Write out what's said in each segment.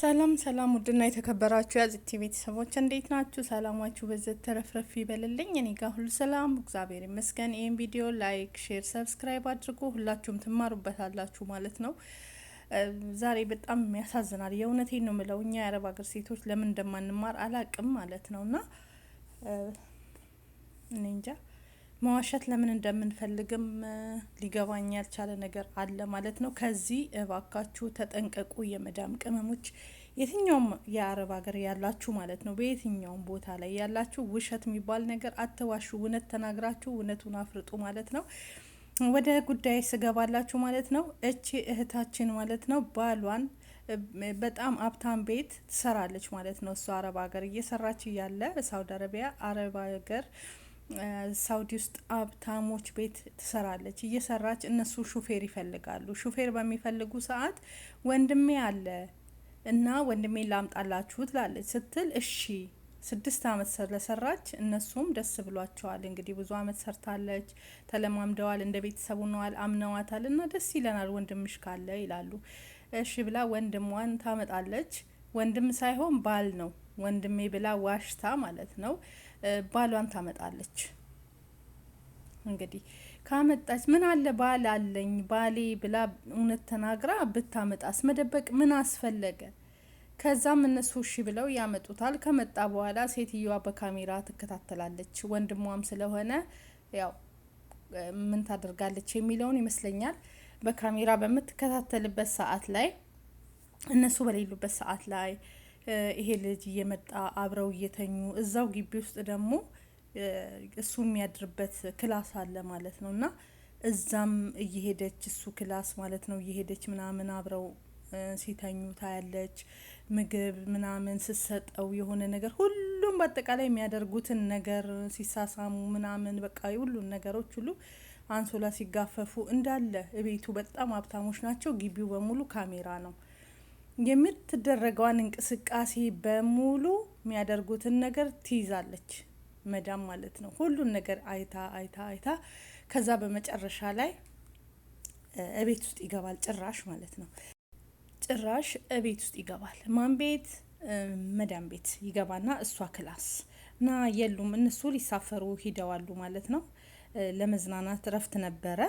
ሰላም ሰላም፣ ውድና የተከበራችሁ የአዚቲ ቤተሰቦች እንዴት ናችሁ? ሰላማችሁ በዘት ተረፍረፍ ይበልልኝ። እኔ ጋር ሁሉ ሰላም እግዚአብሔር ይመስገን። ይህን ቪዲዮ ላይክ፣ ሼር፣ ሰብስክራይብ አድርጉ። ሁላችሁም ትማሩበታላችሁ ማለት ነው። ዛሬ በጣም የሚያሳዝናል። የእውነቴን ነው ምለው እኛ የአረብ ሀገር ሴቶች ለምን እንደማንማር አላቅም ማለት ነው እና እኔ እንጃ መዋሸት ለምን እንደምንፈልግም ሊገባኝ ያልቻለ ነገር አለ ማለት ነው። ከዚህ እባካችሁ ተጠንቀቁ፣ የመዳም ቅመሞች፣ የትኛውም የአረብ ሀገር ያላችሁ ማለት ነው፣ በየትኛውም ቦታ ላይ ያላችሁ ውሸት የሚባል ነገር አትዋሹ። እውነት ተናግራችሁ እውነቱን አፍርጡ ማለት ነው። ወደ ጉዳይ ስገባላችሁ ማለት ነው። እቺ እህታችን ማለት ነው ባሏን በጣም አብታን ቤት ትሰራለች ማለት ነው። እሷ አረብ ሀገር እየሰራች እያለ ሳውዲ አረቢያ አረብ ሀገር ሳውዲ ውስጥ ሀብታሞች ቤት ትሰራለች። እየሰራች እነሱ ሹፌር ይፈልጋሉ። ሹፌር በሚፈልጉ ሰዓት ወንድሜ አለ እና ወንድሜ ላምጣላችሁ ትላለች ስትል እሺ ስድስት አመት ስለሰራች እነሱም ደስ ብሏቸዋል። እንግዲህ ብዙ አመት ሰርታለች፣ ተለማምደዋል፣ እንደ ቤተሰቡ ነዋል፣ አምነዋታል እና ደስ ይለናል ወንድምሽ ካለ ይላሉ። እሺ ብላ ወንድሟን ታመጣለች። ወንድም ሳይሆን ባል ነው ወንድሜ ብላ ዋሽታ ማለት ነው ባሏን ታመጣለች። እንግዲህ ካመጣች ምን አለ ባል አለኝ ባሌ ብላ እውነት ተናግራ ብታመጣስ መደበቅ ምን አስፈለገ? ከዛም እነሱ እሺ ብለው ያመጡታል። ከመጣ በኋላ ሴትዮዋ በካሜራ ትከታተላለች። ወንድሟም ስለሆነ ያው ምን ታደርጋለች የሚለውን ይመስለኛል። በካሜራ በምትከታተልበት ሰዓት ላይ እነሱ በሌሉበት ሰዓት ላይ ይሄ ልጅ እየመጣ አብረው እየተኙ እዛው ግቢ ውስጥ ደግሞ እሱ የሚያድርበት ክላስ አለ ማለት ነው እና እዛም እየሄደች እሱ ክላስ ማለት ነው እየሄደች ምናምን አብረው ሲተኙ ታያለች። ምግብ ምናምን ስትሰጠው የሆነ ነገር ሁሉም በአጠቃላይ የሚያደርጉትን ነገር ሲሳሳሙ ምናምን በቃ ሁሉን ነገሮች ሁሉ አንሶላ ሲጋፈፉ እንዳለ እቤቱ በጣም ሀብታሞች ናቸው። ግቢው በሙሉ ካሜራ ነው። የምትደረገዋን እንቅስቃሴ በሙሉ የሚያደርጉትን ነገር ትይዛለች መዳም ማለት ነው። ሁሉን ነገር አይታ አይታ አይታ ከዛ በመጨረሻ ላይ እቤት ውስጥ ይገባል። ጭራሽ ማለት ነው ጭራሽ እቤት ውስጥ ይገባል። ማን ቤት? መዳም ቤት ይገባና እሷ ክላስ እና የሉም እነሱ ሊሳፈሩ ሂደዋሉ ማለት ነው። ለመዝናናት እረፍት ነበረ።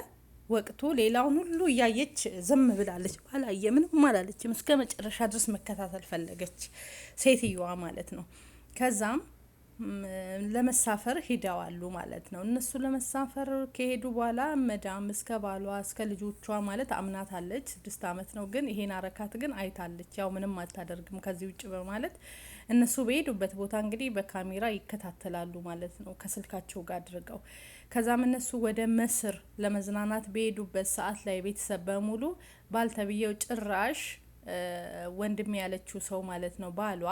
ወቅቱ ሌላውን ሁሉ እያየች ዝም ብላለች። ባላየ ምንም አላለችም። እስከ መጨረሻ ድረስ መከታተል ፈለገች ሴትየዋ ማለት ነው። ከዛም ለመሳፈር ሂደዋሉ ማለት ነው። እነሱ ለመሳፈር ከሄዱ በኋላ መዳም እስከ ባሏ እስከ ልጆቿ ማለት አምናታለች። ስድስት ዓመት ነው ግን ይሄን አረካት ግን አይታለች። ያው ምንም አታደርግም ከዚህ ውጭ በማለት እነሱ በሄዱበት ቦታ እንግዲህ በካሜራ ይከታተላሉ ማለት ነው ከስልካቸው ጋር አድርገው ከዛም እነሱ ወደ መስር ለመዝናናት በሄዱበት ሰዓት ላይ ቤተሰብ በሙሉ ባልተብየው ጭራሽ ወንድም ያለችው ሰው ማለት ነው ባሏ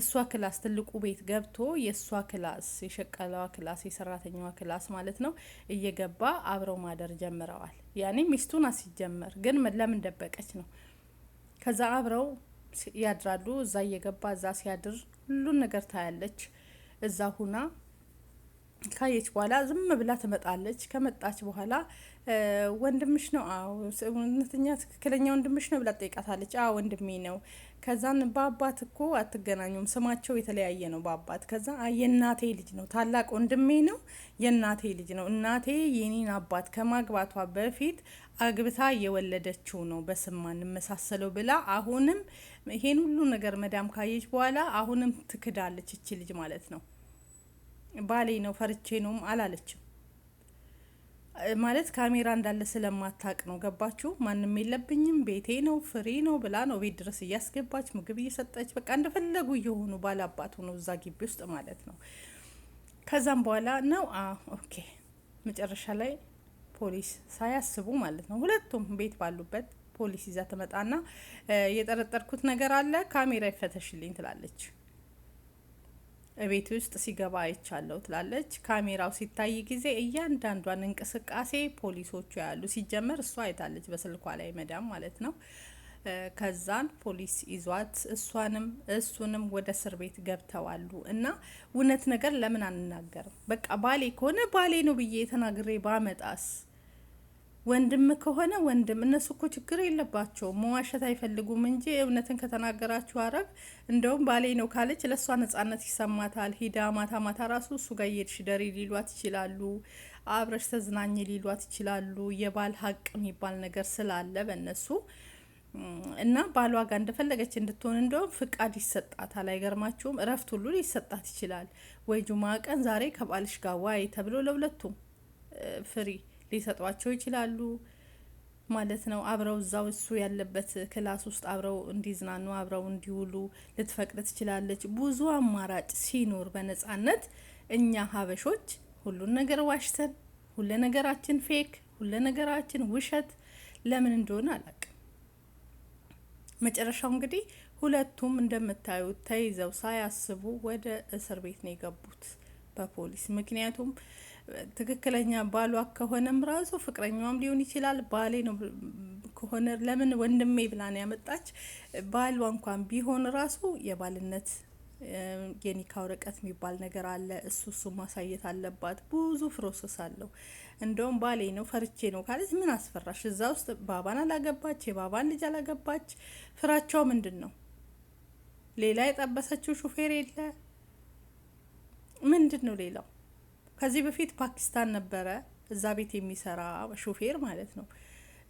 እሷ ክላስ ትልቁ ቤት ገብቶ የእሷ ክላስ የሸቀለዋ ክላስ የሰራተኛዋ ክላስ ማለት ነው እየገባ አብረው ማደር ጀምረዋል። ያኔ ሚስቱን አስጀመር ግን ለምን ደበቀች ነው። ከዛ አብረው ያድራሉ። እዛ እየገባ እዛ ሲያድር ሁሉን ነገር ታያለች እዛ ሁና ካየች በኋላ ዝም ብላ ትመጣለች። ከመጣች በኋላ ወንድምሽ ነው? አዎ፣ እውነተኛ ትክክለኛ ወንድምሽ ነው ብላ ትጠይቃታለች። አዎ ወንድሜ ነው። ከዛን በአባት እኮ አትገናኙም፣ ስማቸው የተለያየ ነው በአባት። ከዛ የእናቴ ልጅ ነው፣ ታላቅ ወንድሜ ነው፣ የእናቴ ልጅ ነው። እናቴ የኔን አባት ከማግባቷ በፊት አግብታ የወለደችው ነው፣ በስማ እንመሳሰለው ብላ አሁንም ይሄን ሁሉ ነገር መዳም ካየች በኋላ አሁንም ትክዳለች፣ እቺ ልጅ ማለት ነው። ባሌ ነው ፈርቼ ነውም አላለችም። ማለት ካሜራ እንዳለ ስለማታቅ ነው። ገባችሁ? ማንም የለብኝም ቤቴ ነው ፍሪ ነው ብላ ነው ቤት ድረስ እያስገባች ምግብ እየሰጠች በቃ እንደፈለጉ እየሆኑ ባላባት ነው እዛ ግቢ ውስጥ ማለት ነው። ከዛም በኋላ ነው ኦኬ መጨረሻ ላይ ፖሊስ ሳያስቡ ማለት ነው ሁለቱም ቤት ባሉበት ፖሊስ ይዛ ትመጣና የጠረጠርኩት ነገር አለ ካሜራ ይፈተሽልኝ ትላለች። ቤት ውስጥ ሲገባ አይቻለሁ ትላለች። ካሜራው ሲታይ ጊዜ እያንዳንዷን እንቅስቃሴ ፖሊሶቹ ያሉ ሲጀመር እሷ አይታለች በስልኳ ላይ መዳም ማለት ነው። ከዛን ፖሊስ ይዟት እሷንም እሱንም ወደ እስር ቤት ገብተዋሉ። እና እውነት ነገር ለምን አንናገርም? በቃ ባሌ ከሆነ ባሌ ነው ብዬ ተናግሬ ባመጣስ ወንድም ከሆነ ወንድም። እነሱ እኮ ችግር የለባቸውም መዋሸት አይፈልጉም እንጂ እውነትን ከተናገራችሁ አረግ እንደውም ባሌ ነው ካለች ለእሷ ነጻነት ይሰማታል። ሂዳ ማታ ማታ ራሱ እሱ ጋር እየሄድሽ ደሪ ሊሏት ይችላሉ። አብረሽ ተዝናኝ ሊሏት ይችላሉ። የባል ሀቅ የሚባል ነገር ስላለ በእነሱ እና ባሏ ጋር እንደፈለገች እንድትሆን እንደውም ፍቃድ ይሰጣታል። አይገርማችሁም? እረፍት ሁሉ ሊሰጣት ይችላል። ወይ ጁማ ቀን ዛሬ ከባልሽ ጋር ዋይ ተብሎ ለሁለቱም ፍሪ ሊሰጧቸው ይችላሉ ማለት ነው። አብረው እዛው እሱ ያለበት ክላስ ውስጥ አብረው እንዲዝናኑ አብረው እንዲውሉ ልትፈቅድ ትችላለች። ብዙ አማራጭ ሲኖር በነጻነት እኛ ሀበሾች ሁሉን ነገር ዋሽተን ሁለ ነገራችን ፌክ ሁለ ነገራችን ውሸት ለምን እንደሆነ አላቅም። መጨረሻው እንግዲህ ሁለቱም እንደምታዩት ተይዘው ሳያስቡ ወደ እስር ቤት ነው የገቡት በፖሊስ ምክንያቱም ትክክለኛ ባሏ ከሆነም ራሱ ፍቅረኛዋም ሊሆን ይችላል። ባሌ ነው ከሆነ ለምን ወንድሜ ብላ ነው ያመጣች። ባሏ እንኳን ቢሆን ራሱ የባልነት የኒካ ወረቀት የሚባል ነገር አለ። እሱ እሱ ማሳየት አለባት። ብዙ ፕሮሰስ አለው። እንደውም ባሌ ነው ፈርቼ ነው ካለች ምን አስፈራሽ? እዛ ውስጥ ባባን አላገባች፣ የባባን ልጅ አላገባች። ፍራቸው ምንድን ነው? ሌላ የጠበሰችው ሹፌር የለ ምንድን ነው ሌላው ከዚህ በፊት ፓኪስታን ነበረ እዛ ቤት የሚሰራ ሾፌር ማለት ነው።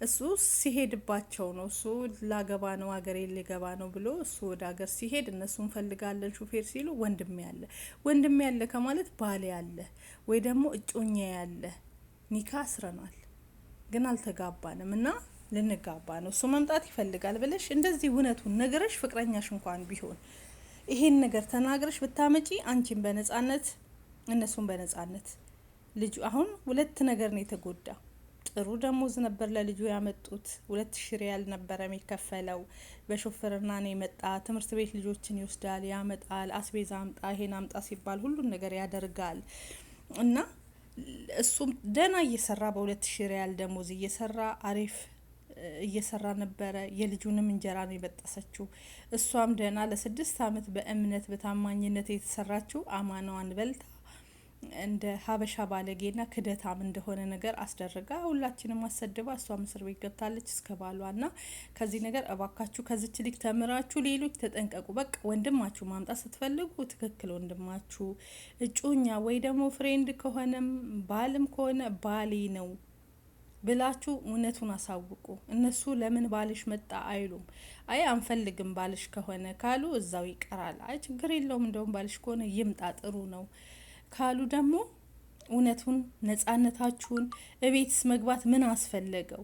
እሱ ሲሄድባቸው ነው እሱ ላገባ ነው ሀገሬ ሊገባ ነው ብሎ እሱ ወደ ሀገር ሲሄድ እነሱ እንፈልጋለን ሹፌር ሲሉ ወንድም ያለ ወንድም ያለ ከማለት ባሌ ያለ ወይ ደግሞ እጮኛ ያለ ኒካ አስረናል፣ ግን አልተጋባንም እና ልንጋባ ነው እሱ መምጣት ይፈልጋል ብለሽ እንደዚህ እውነቱን ነገረሽ ፍቅረኛሽ እንኳን ቢሆን ይሄን ነገር ተናግረሽ ብታመጪ አንቺን በነጻነት እነሱን በነጻነት ልጁ አሁን ሁለት ነገር ነው የተጎዳ። ጥሩ ደሞዝ ነበር ለልጁ ያመጡት። ሁለት ሺ ሪያል ነበረ የሚከፈለው። በሾፍርና ነው የመጣ። ትምህርት ቤት ልጆችን ይወስዳል፣ ያመጣል፣ አስቤዛ አምጣ፣ ይሄን አምጣ ሲባል ሁሉን ነገር ያደርጋል እና እሱም ደህና እየሰራ በሁለት ሺ ሪያል ደሞዝ እየሰራ አሪፍ እየሰራ ነበረ። የልጁንም እንጀራ ነው የበጠሰችው። እሷም ደህና ለስድስት አመት በእምነት በታማኝነት የተሰራችው አማናዋን በልታ እንደ ሀበሻ ባለጌና ክደታም እንደሆነ ነገር አስደረጋ። ሁላችንም አሰድባ እሷም እስር ቤት ገብታለች እስከ ና ከዚህ ነገር እባካችሁ ከዚች ልጅ ተምራችሁ ሌሎች ተጠንቀቁ። በቃ ወንድማችሁ ማምጣት ስትፈልጉ ትክክል ወንድማችሁ እጮኛ ወይ ደግሞ ፍሬንድ ከሆነም ባልም ከሆነ ባሌ ነው ብላችሁ እውነቱን አሳውቁ። እነሱ ለምን ባልሽ መጣ አይሉም። አይ አንፈልግም ባልሽ ከሆነ ካሉ እዛው ይቀራል። አይ ችግር የለውም እንደውም ባልሽ ከሆነ ይምጣ ጥሩ ነው ካሉ ደግሞ እውነቱን ነጻነታችሁን እቤትስ መግባት ምን አስፈለገው?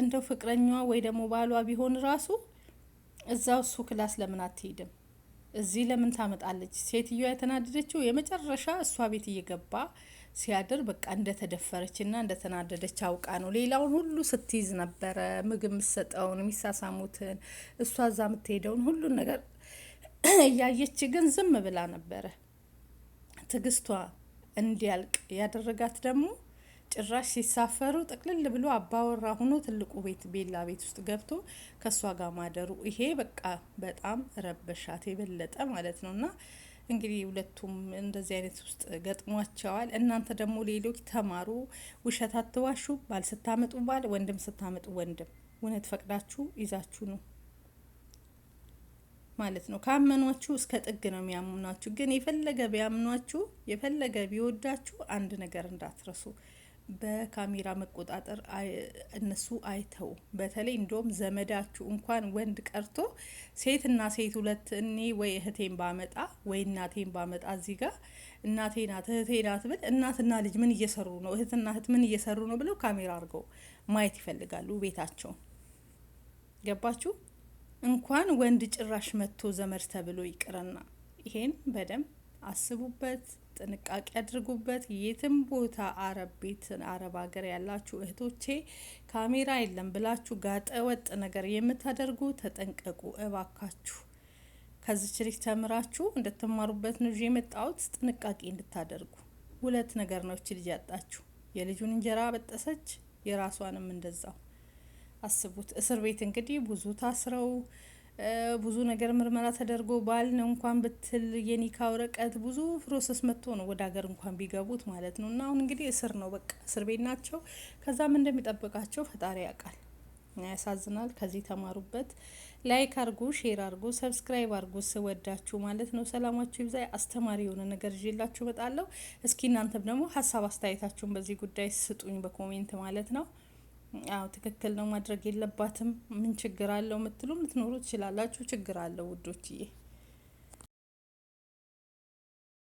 እንደው ፍቅረኛዋ ወይ ደግሞ ባሏ ቢሆን ራሱ እዛው እሱ ክላስ ለምን አትሄድም? እዚህ ለምን ታመጣለች? ሴትዮዋ የተናደደችው የመጨረሻ እሷ ቤት እየገባ ሲያድር በቃ እንደተደፈረችና እንደተናደደች አውቃ ነው። ሌላውን ሁሉ ስትይዝ ነበረ፣ ምግብ የምትሰጠውን፣ የሚሳሳሙትን፣ እሷ እዛ የምትሄደውን ሁሉን ነገር እያየች ግን ዝም ብላ ነበረ። ትግስቷ እንዲያልቅ ያደረጋት ደግሞ ጭራሽ ሲሳፈሩ ጥቅልል ብሎ አባወራ ሆኖ ትልቁ ቤት ቤላ ቤት ውስጥ ገብቶ ከእሷ ጋር ማደሩ ይሄ በቃ በጣም ረበሻት የበለጠ ማለት ነው። እና እንግዲህ ሁለቱም እንደዚህ አይነት ውስጥ ገጥሟቸዋል። እናንተ ደግሞ ሌሎች ተማሩ፣ ውሸት አትዋሹ። ባል ስታመጡ ባል፣ ወንድም ስታመጡ ወንድም። እውነት ፈቅዳችሁ ይዛችሁ ነው ማለት ነው። ካመኗችሁ እስከ ጥግ ነው የሚያምኗችሁ። ግን የፈለገ ቢያምኗችሁ፣ የፈለገ ቢወዳችሁ አንድ ነገር እንዳትረሱ በካሜራ መቆጣጠር እነሱ አይተው። በተለይ እንደውም ዘመዳችሁ እንኳን ወንድ ቀርቶ ሴትና ሴት ሁለት እኔ ወይ እህቴን ባመጣ ወይ እናቴን ባመጣ እዚህ ጋር እናቴ ናት እህቴ ናት ብል እናትና ልጅ ምን እየሰሩ ነው፣ እህትና እህት ምን እየሰሩ ነው ብለው ካሜራ አድርገው ማየት ይፈልጋሉ ቤታቸው ገባችሁ? እንኳን ወንድ ጭራሽ መጥቶ ዘመድ ተብሎ ይቅርና ይሄን በደንብ አስቡበት፣ ጥንቃቄ አድርጉበት። የትም ቦታ አረብ ቤት አረብ ሀገር ያላችሁ እህቶቼ ካሜራ የለም ብላችሁ ጋጠ ወጥ ነገር የምታደርጉ ተጠንቀቁ እባካችሁ። ከዚች ልጅ ተምራችሁ እንድትማሩበት ነው የመጣሁት፣ ጥንቃቄ እንድታደርጉ። ሁለት ነገር ነው እች ልጅ ያጣችሁ፣ የልጁን እንጀራ በጠሰች፣ የራሷንም እንደዛው አስቡት። እስር ቤት እንግዲህ ብዙ ታስረው ብዙ ነገር ምርመራ ተደርጎ ባል ነው እንኳን ብትል የኒካ ወረቀት ብዙ ፕሮሰስ መጥቶ ነው ወደ ሀገር እንኳን ቢገቡት ማለት ነው። እና አሁን እንግዲህ እስር ነው በቃ እስር ቤት ናቸው። ከዛም እንደሚጠብቃቸው ፈጣሪ ያውቃል። ያሳዝናል። ከዚህ ተማሩበት። ላይክ አርጉ፣ ሼር አርጉ፣ ሰብስክራይብ አርጉ። ስወዳችሁ ማለት ነው። ሰላማችሁ ይብዛ። አስተማሪ የሆነ ነገር ይዤላችሁ እመጣለሁ። እስኪ እናንተም ደግሞ ሀሳብ አስተያየታችሁን በዚህ ጉዳይ ስጡኝ በኮሜንት ማለት ነው። አዎ ትክክል ነው ማድረግ የለባትም ምን ችግር አለው የምትሉ ልትኖሩ ትችላላችሁ። ችግር አለው ውዶችዬ